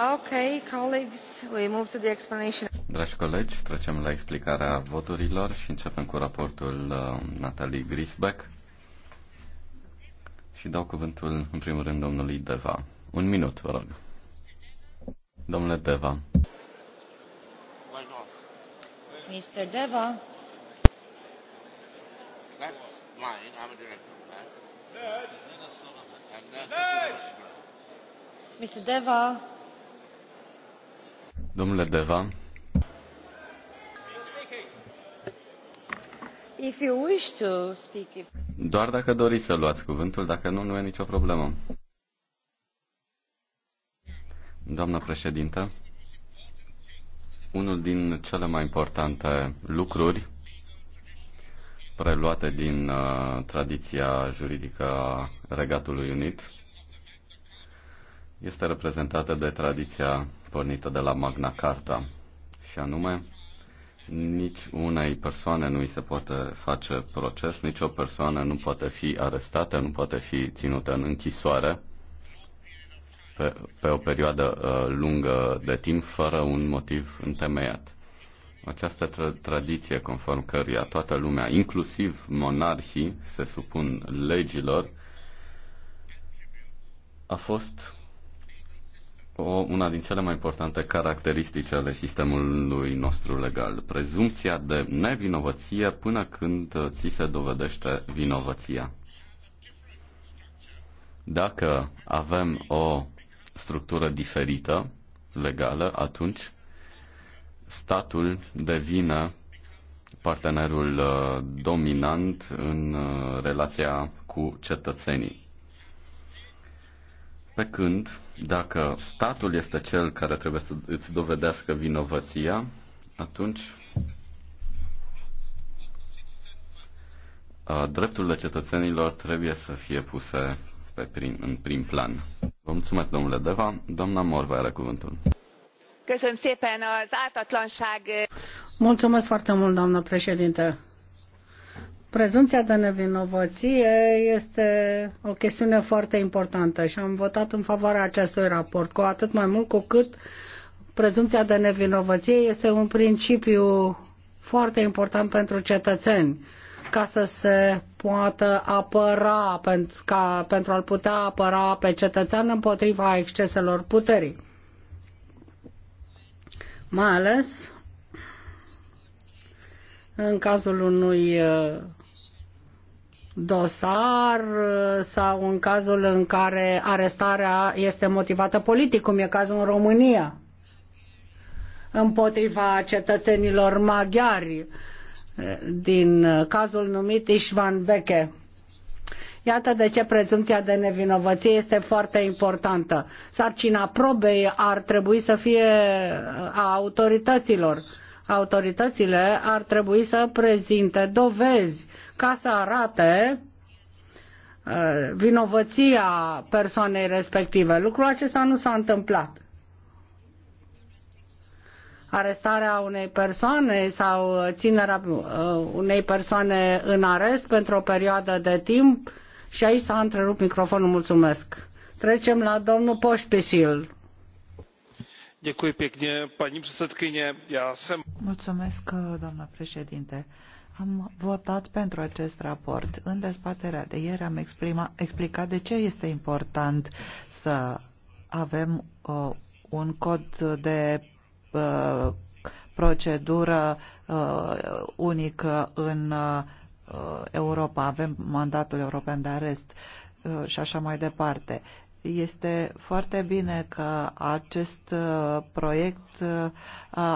Okay, colleagues, we move to the explanation. Dragi colegi, trecem la explicarea voturilor și începem cu raportul uh, Natalie Grisbeck. Și dau cuvântul, în primul rând, domnului Deva. Un minut, vă rog. Domnule Deva. Mr. Deva. That's mine. I'm a director Mr. Deva. Domnule Deva. If you wish to speak, if... Doar dacă doriți să luați cuvântul, dacă nu, nu e nicio problemă. Doamnă președintă, unul din cele mai importante lucruri preluate din uh, tradiția juridică a Regatului Unit este reprezentată de tradiția pornită de la Magna Carta, și anume nici unei persoane nu îi se poate face proces, nici o persoană nu poate fi arestată, nu poate fi ținută în închisoare pe, pe o perioadă uh, lungă de timp fără un motiv întemeiat. Această tra- tradiție conform căruia toată lumea, inclusiv monarhii, se supun legilor, a fost o, una din cele mai importante caracteristici ale sistemului nostru legal, prezumția de nevinovăție până când ți se dovedește vinovăția. Dacă avem o structură diferită legală, atunci statul devine partenerul uh, dominant în uh, relația cu cetățenii. Pe când, dacă statul este cel care trebuie să îți dovedească vinovăția, atunci drepturile cetățenilor trebuie să fie puse pe prim, în prim plan. Vă mulțumesc, domnule Deva. Doamna Morva are cuvântul. Mulțumesc foarte mult, doamnă președinte Prezumția de nevinovăție este o chestiune foarte importantă și am votat în favoarea acestui raport, cu atât mai mult cu cât prezumția de nevinovăție este un principiu foarte important pentru cetățeni ca să se poată apăra, pentru, ca, pentru a-l putea apăra pe cetățean împotriva exceselor puterii. Mai ales în cazul unui dosar uh, sau în cazul în care arestarea este motivată politic, cum e cazul în România, împotriva cetățenilor maghiari uh, din uh, cazul numit Ișvan Beche. Iată de ce prezumția de nevinovăție este foarte importantă. Sarcina probei ar trebui să fie a autorităților autoritățile ar trebui să prezinte dovezi ca să arate uh, vinovăția persoanei respective. Lucrul acesta nu s-a întâmplat. Arestarea unei persoane sau ținerea uh, unei persoane în arest pentru o perioadă de timp și aici s-a întrerupt microfonul, mulțumesc. Trecem la domnul Poșpisil. Mulțumesc, doamnă președinte. Am votat pentru acest raport. În dezbaterea de ieri am exprima, explicat de ce este important să avem uh, un cod de uh, procedură uh, unică în uh, Europa. Avem mandatul european de arest uh, și așa mai departe. Este foarte bine că acest uh, proiect uh,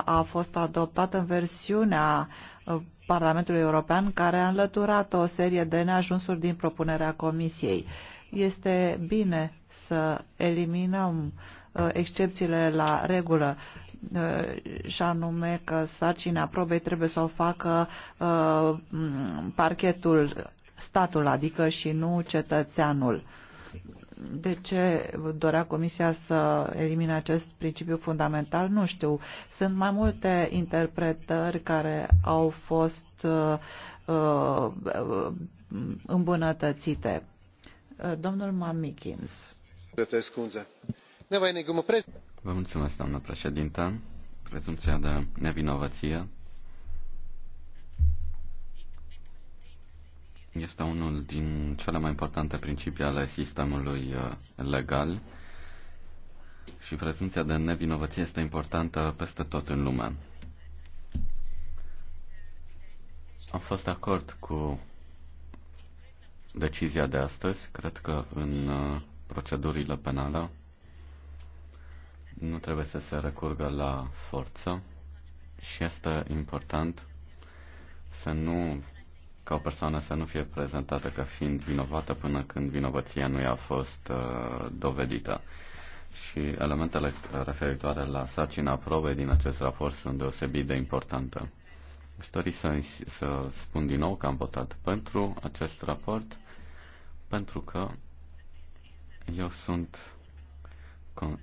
a fost adoptat în versiunea uh, Parlamentului European, care a înlăturat o serie de neajunsuri din propunerea Comisiei. Este bine să eliminăm excepțiile la regulă și anume că sarcina probei trebuie să o facă parchetul, statul, adică și nu cetățeanul de ce dorea Comisia să elimine acest principiu fundamental? Nu știu. Sunt mai multe interpretări care au fost uh, uh îmbunătățite. Uh, domnul Mamikins. Vă mulțumesc, doamnă președintă. Prezumția de nevinovăție este unul din cele mai importante principii ale sistemului uh, legal și prezumția de nevinovăție este importantă peste tot în lume. Am fost de acord cu decizia de astăzi. Cred că în uh, procedurile penale nu trebuie să se recurgă la forță și este important să nu ca o persoană să nu fie prezentată ca fiind vinovată până când vinovăția nu i-a fost uh, dovedită. Și elementele uh, referitoare la sarcina probei din acest raport sunt deosebit de importante. Aș dori să, să spun din nou că am votat pentru acest raport, pentru că eu sunt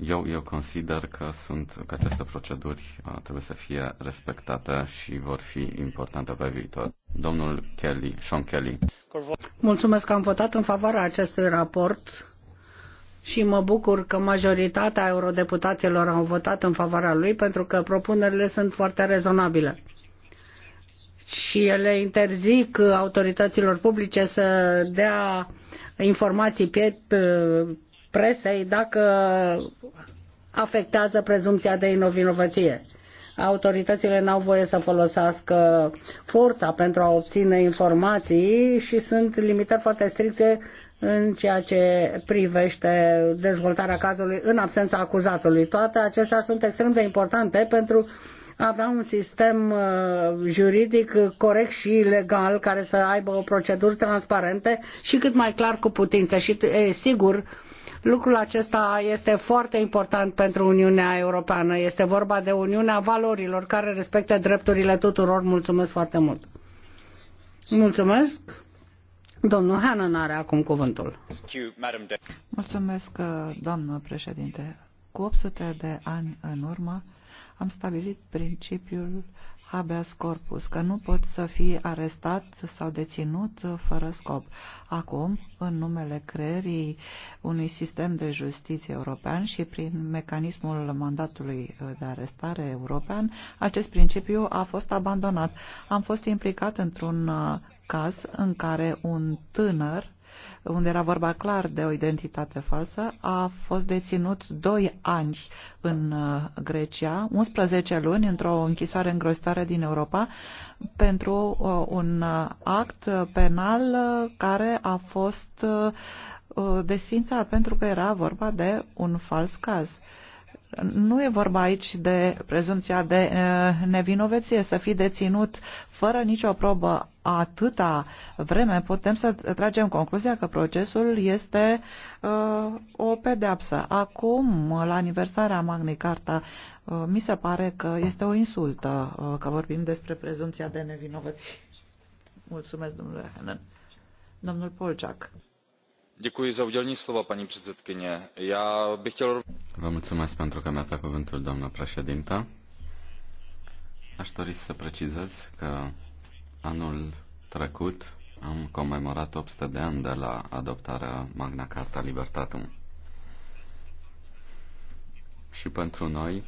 eu, eu consider că sunt că aceste proceduri uh, trebuie să fie respectate și vor fi importante pe viitor domnul Kelly, Sean Kelly. Mulțumesc că am votat în favoarea acestui raport și mă bucur că majoritatea eurodeputaților au votat în favoarea lui pentru că propunerile sunt foarte rezonabile și ele interzic autorităților publice să dea informații pe presei dacă afectează prezumția de inovinovație autoritățile n-au voie să folosească forța pentru a obține informații și sunt limitări foarte stricte în ceea ce privește dezvoltarea cazului în absența acuzatului. Toate acestea sunt extrem de importante pentru a avea un sistem uh, juridic corect și legal care să aibă o proceduri transparente și cât mai clar cu putință. Și e, sigur, Lucrul acesta este foarte important pentru Uniunea Europeană. Este vorba de Uniunea Valorilor care respectă drepturile tuturor. Mulțumesc foarte mult! Mulțumesc! Domnul Hanan are acum cuvântul. Mulțumesc, doamnă președinte. Cu 800 de ani în urmă am stabilit principiul habeas corpus, că nu pot să fii arestat sau deținut fără scop. Acum, în numele creierii unui sistem de justiție european și prin mecanismul mandatului uh, de arestare european, acest principiu a fost abandonat. Am fost implicat într-un uh, caz în care un tânăr unde era vorba clar de o identitate falsă, a fost deținut 2 ani în uh, Grecia, 11 luni într-o închisoare îngrozitoare din Europa, pentru uh, un uh, act penal care a fost desfințat pentru că era vorba de un fals caz. Nu e vorba aici de prezumția de nevinovăție, să fii deținut fără nicio probă atâta vreme putem să tragem concluzia că procesul este uh, o pedeapsă. Acum, la aniversarea Magni Carta, uh, mi se pare că este o insultă uh, că vorbim despre prezumția de nevinovăție. Mulțumesc, domnule Henen. Domnul Polciac. Děkuji za udělení slova, paní předsedkyně. Já bych chtěl... Vă mulțumesc pentru că mi-ați dat cuvântul, doamnă președintă. Aș dori să precizez că Anul trecut am comemorat 800 de ani de la adoptarea Magna Carta Libertatum. Și pentru noi,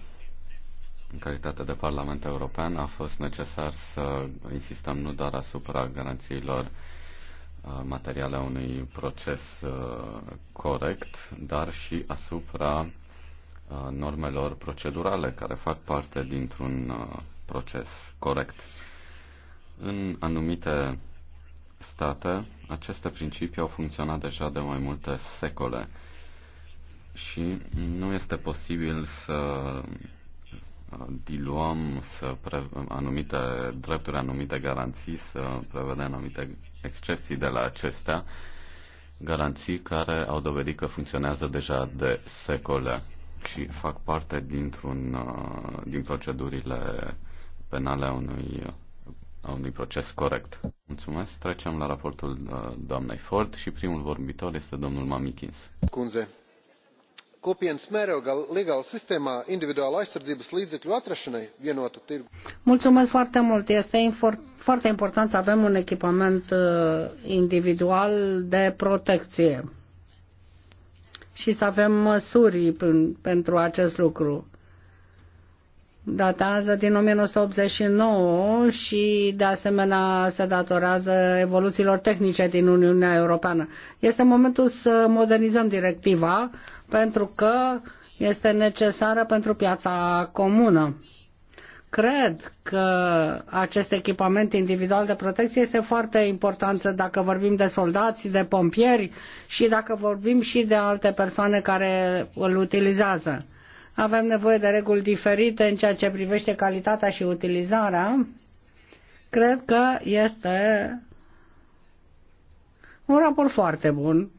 în calitate de Parlament European, a fost necesar să insistăm nu doar asupra garanțiilor uh, materiale a unui proces uh, corect, dar și asupra uh, normelor procedurale care fac parte dintr-un proces corect. În anumite state, aceste principii au funcționat deja de mai multe secole și nu este posibil să uh, diluăm să pre- anumite drepturi, anumite garanții, să prevedem anumite excepții de la acestea, garanții care au dovedit că funcționează deja de secole și fac parte dintr-un, uh, din procedurile penale a unui a unui proces corect. Mulțumesc. Trecem la raportul uh, doamnei Ford și primul vorbitor este domnul Mamikins. Kunze. Kopienas mērogā legāla sistēmā individuāla aizsardzības līdzekļu atrašanai vienotu tirgu. Mulțumesc foarte mult. Este foarte important să avem un echipament uh, individual de protecție și să avem măsuri pentru acest lucru datează din 1989 și de asemenea se datorează evoluțiilor tehnice din Uniunea Europeană. Este momentul să modernizăm directiva pentru că este necesară pentru piața comună. Cred că acest echipament individual de protecție este foarte important dacă vorbim de soldați, de pompieri și dacă vorbim și de alte persoane care îl utilizează avem nevoie de reguli diferite în ceea ce privește calitatea și utilizarea. Cred că este un raport foarte bun.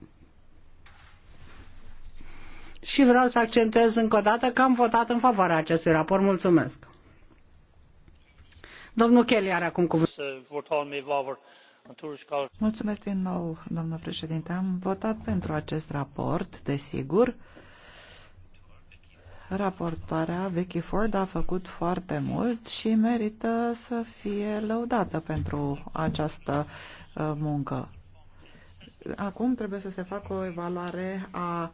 Și vreau să accentuez încă o dată că am votat în favoarea acestui raport. Mulțumesc. Domnul Kelly are acum cuvântul. Mulțumesc din nou, domnul președinte. Am votat pentru acest raport, desigur. Raportoarea Vicky Ford a făcut foarte mult și merită să fie lăudată pentru această uh, muncă. Acum trebuie să se facă o evaluare a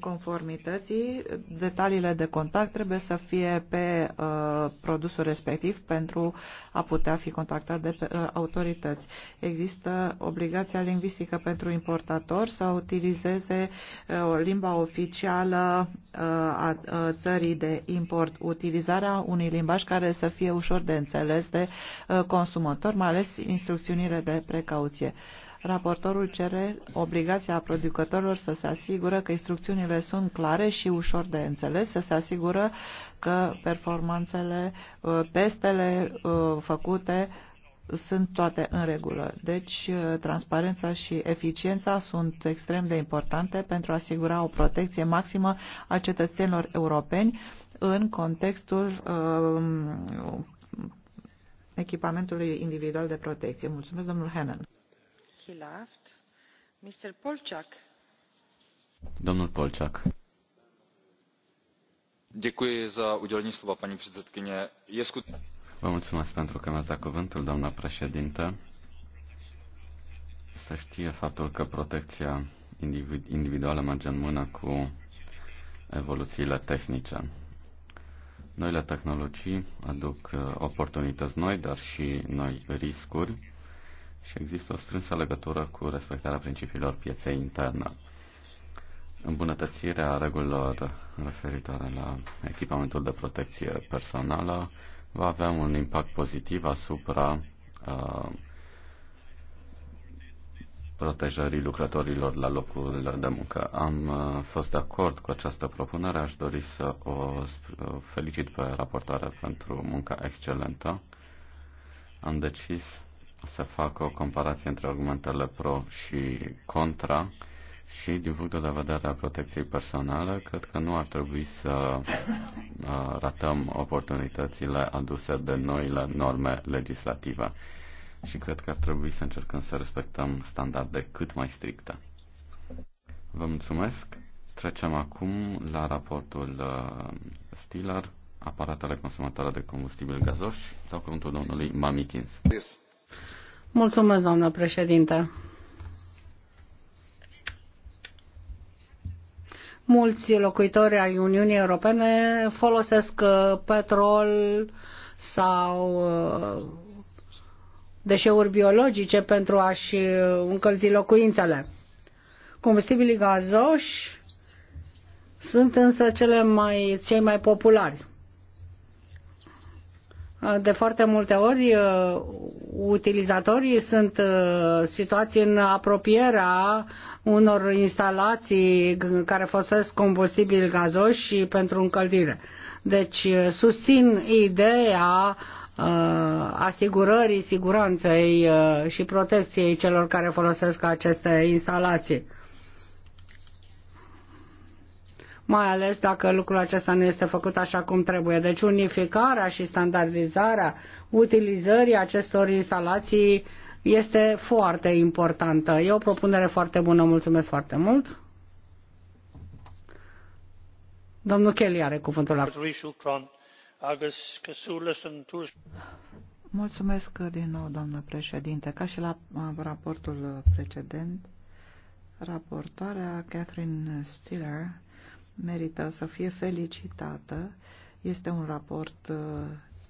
conformității. Detaliile de contact trebuie să fie pe uh, produsul respectiv pentru a putea fi contactat de uh, autorități. Există obligația lingvistică pentru importator să utilizeze uh, limba oficială uh, a uh, țării de import. Utilizarea unui limbaj care să fie ușor de înțeles de uh, consumator, mai ales instrucțiunile de precauție. Uh, Raportorul cere obligația producătorilor să se asigură că instrucțiunile sunt clare și ușor de înțeles, să se asigură că performanțele, uh, testele uh, făcute sunt toate în regulă. Deci, uh, transparența și eficiența sunt extrem de importante pentru a asigura o protecție maximă a cetățenilor europeni în contextul um, echipamentului individual de protecție. Mulțumesc, domnul Hennen paní předsedající Vă mulțumesc pentru că mi-ați dat cuvântul, doamna președintă. Să știe faptul că protecția individuală merge în mână cu evoluțiile tehnice. Noile tehnologii aduc uh, oportunități noi, dar și noi riscuri și există o strânsă legătură cu respectarea principiilor pieței interne. Îmbunătățirea regulilor referitoare la echipamentul de protecție personală va avea un impact pozitiv asupra uh, protejării lucrătorilor la locul de muncă. Am uh, fost de acord cu această propunere, aș dori să o uh, felicit pe raportoare pentru munca excelentă. Am decis să fac o comparație între argumentele pro și contra și din punctul de vedere al protecției personale, cred că nu ar trebui să uh, ratăm oportunitățile aduse de noile norme legislative. Și cred că ar trebui să încercăm să respectăm standarde cât mai stricte. Vă mulțumesc. Trecem acum la raportul uh, Stiller, aparatele consumatoare de combustibil gazoși. Dau cuvântul domnului Mamikins. Yes. Mulțumesc, doamnă președinte. Mulți locuitori ai Uniunii Europene folosesc uh, petrol sau uh, deșeuri biologice pentru a-și uh, încălzi locuințele. Combustibilii gazoși sunt însă cele mai, cei mai populari. De foarte multe ori, uh, utilizatorii sunt uh, situații în apropierea unor instalații care folosesc combustibil gazos și pentru încălzire. Deci uh, susțin ideea asigurării siguranței și protecției celor care folosesc aceste instalații. mai ales dacă lucrul acesta nu este făcut așa cum trebuie. Deci unificarea și standardizarea utilizării acestor instalații este foarte importantă. E o propunere foarte bună, mulțumesc foarte mult. Domnul Kelly are cuvântul la. Mulțumesc din nou, doamnă președinte. Ca și la uh, raportul precedent, raportoarea Catherine Stiller merită să fie felicitată. Este un raport uh,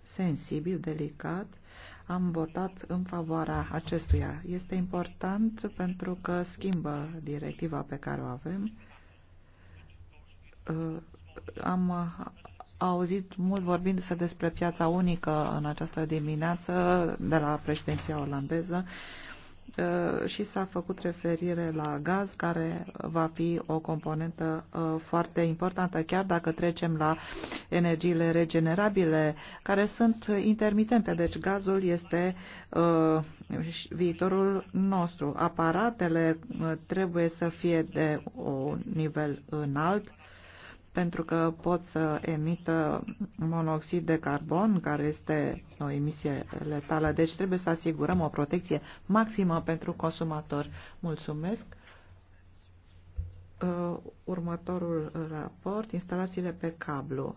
sensibil, delicat. Am votat în favoarea acestuia. Este important pentru că schimbă directiva pe care o avem. Uh, am uh, auzit mult vorbindu-se despre piața unică în această dimineață de la președinția olandeză. Uh, și s-a făcut referire la gaz, care va fi o componentă uh, foarte importantă, chiar dacă trecem la energiile regenerabile, care sunt intermitente. Deci gazul este uh, viitorul nostru. Aparatele trebuie să fie de un nivel înalt, pentru că pot să emită monoxid de carbon, care este o emisie letală. Deci trebuie să asigurăm o protecție maximă pentru consumator. Mulțumesc! Uh, următorul raport, instalațiile pe cablu.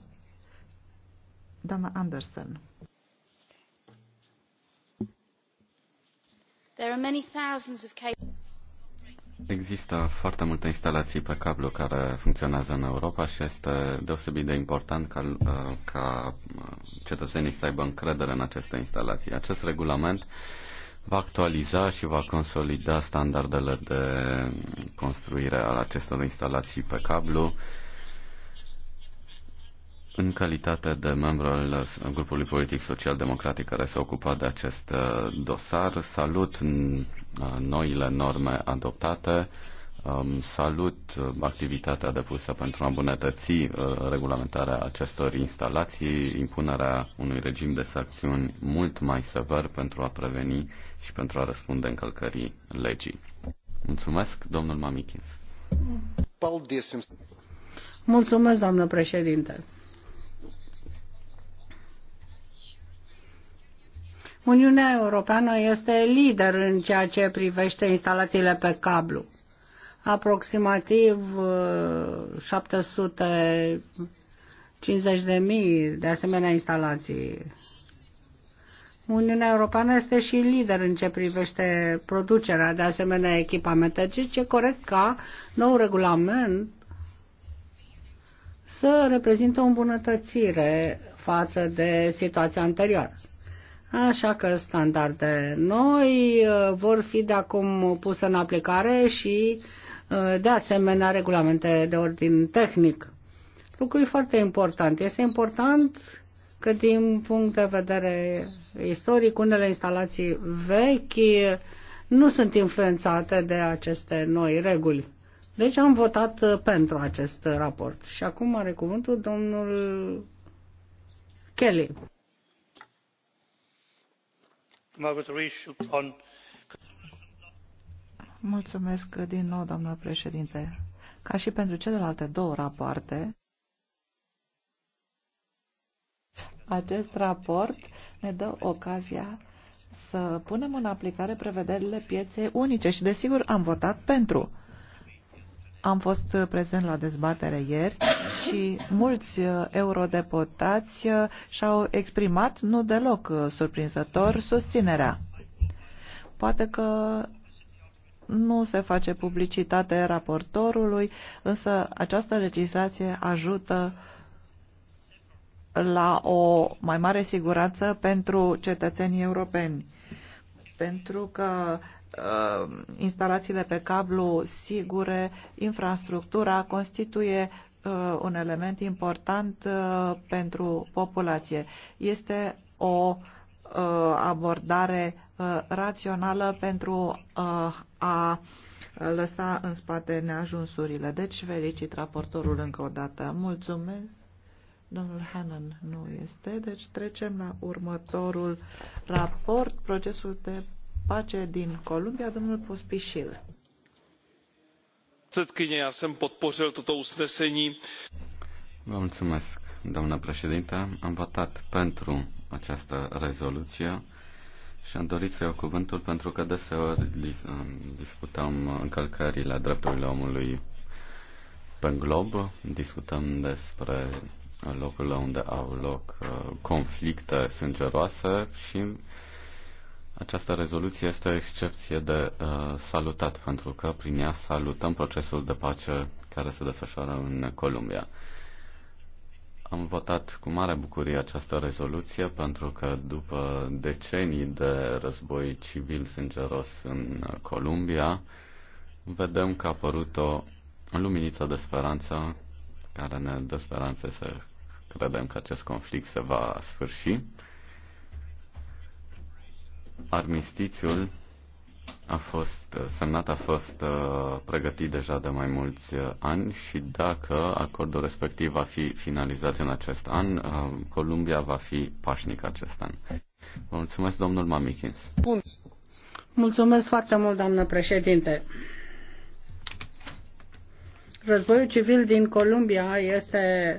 Doamna Anderson. There are many thousands of cables. Există foarte multe instalații pe cablu care funcționează în Europa și este deosebit de important ca, uh, ca uh, cetățenii să aibă încredere în aceste instalații. Acest regulament va actualiza și va consolida standardele de construire al acestor instalații pe cablu în calitate de membru al grupului politic social-democratic care se ocupa de acest uh, dosar, salut uh, noile norme adoptate, um, salut uh, activitatea depusă pentru a îmbunătăți regulamentarea acestor instalații, impunerea unui regim de sancțiuni mult mai sever pentru a preveni și pentru a răspunde încălcării legii. Mulțumesc, domnul Mamikins. Mulțumesc, doamnă președinte. Uniunea Europeană este lider în ceea ce privește instalațiile pe cablu. Aproximativ 750.000 uh, de asemenea instalații. Uniunea Europeană este și lider în ce privește producerea de asemenea echipamente, deci e corect ca nou regulament să reprezintă o îmbunătățire față de situația anterioară. Așa că standarde noi uh, vor fi de acum puse în aplicare și uh, de asemenea regulamente de ordin tehnic. Lucru e foarte important. Este important că din punct de vedere istoric unele instalații vechi nu sunt influențate de aceste noi reguli. Deci am votat uh, pentru acest raport. Și acum are cuvântul domnul Kelly. Mulțumesc din nou, doamnă președinte. Ca și pentru celelalte două rapoarte, acest raport ne dă ocazia să punem în aplicare prevederile pieței unice și, desigur, am votat pentru. Am fost prezent la dezbatere ieri și mulți uh, eurodeputați uh, și-au exprimat, nu deloc uh, surprinzător, susținerea. Poate că nu se face publicitate raportorului, însă această legislație ajută la o mai mare siguranță pentru cetățenii europeni. Pentru că Uh, instalațiile pe cablu sigure, infrastructura constituie uh, un element important uh, pentru populație. Este o abordare rațională pentru a lăsa în spate neajunsurile. Deci felicit raportorul încă o dată. Mulțumesc. Domnul Hannan nu este, deci trecem la următorul raport, procesul de pace din Columbia, domnul Pospișil. Předsedkyně, já jsem podpořil toto usnesení. Vă mulțumesc, doamnă președinte. Am votat pentru această rezoluție și am dorit să iau cuvântul pentru că deseori um, discutăm încălcările drepturilor omului pe glob, discutăm despre locurile unde au loc uh, conflicte sângeroase și această rezoluție este o excepție de uh, salutat, pentru că prin ea salutăm procesul de pace care se desfășoară în Columbia. Am votat cu mare bucurie această rezoluție pentru că după decenii de război civil sângeros în Columbia, vedem că a apărut o luminiță de speranță care ne dă speranțe să credem că acest conflict se va sfârși Armistițiul a fost semnat, a fost uh, pregătit deja de mai mulți uh, ani și dacă acordul respectiv va fi finalizat în acest an, uh, Columbia va fi pașnic acest an. Vă mulțumesc, domnul Mamichins. Bun. Mulțumesc foarte mult, doamnă președinte. Războiul civil din Columbia este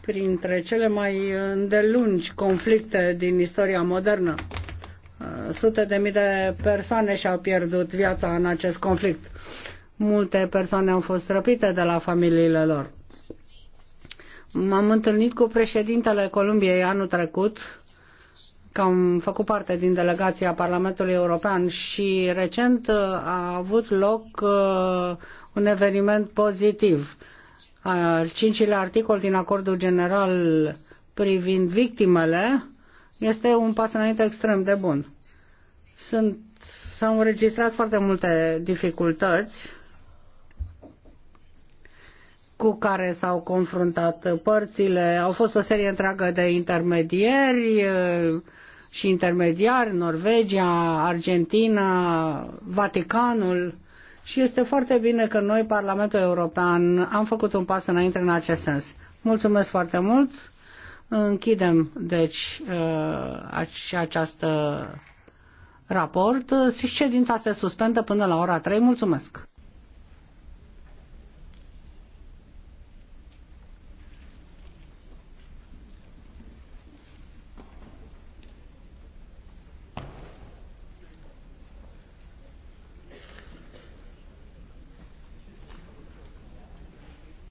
printre cele mai îndelungi conflicte din istoria modernă. Sute de mii de persoane și-au pierdut viața în acest conflict. Multe persoane au fost răpite de la familiile lor. M-am întâlnit cu președintele Columbiei anul trecut, că am făcut parte din delegația Parlamentului European și recent uh, a avut loc uh, un eveniment pozitiv. Al cincilea articol din acordul general privind victimele este un pas înainte extrem de bun. Sunt, s-au înregistrat foarte multe dificultăți cu care s-au confruntat părțile. Au fost o serie întreagă de intermedieri uh, și intermediari, Norvegia, Argentina, Vaticanul. Și este foarte bine că noi, Parlamentul European, am făcut un pas înainte în acest sens. Mulțumesc foarte mult. Închidem, deci, uh, această raport. Ședința se suspendă până la ora 3. Mulțumesc!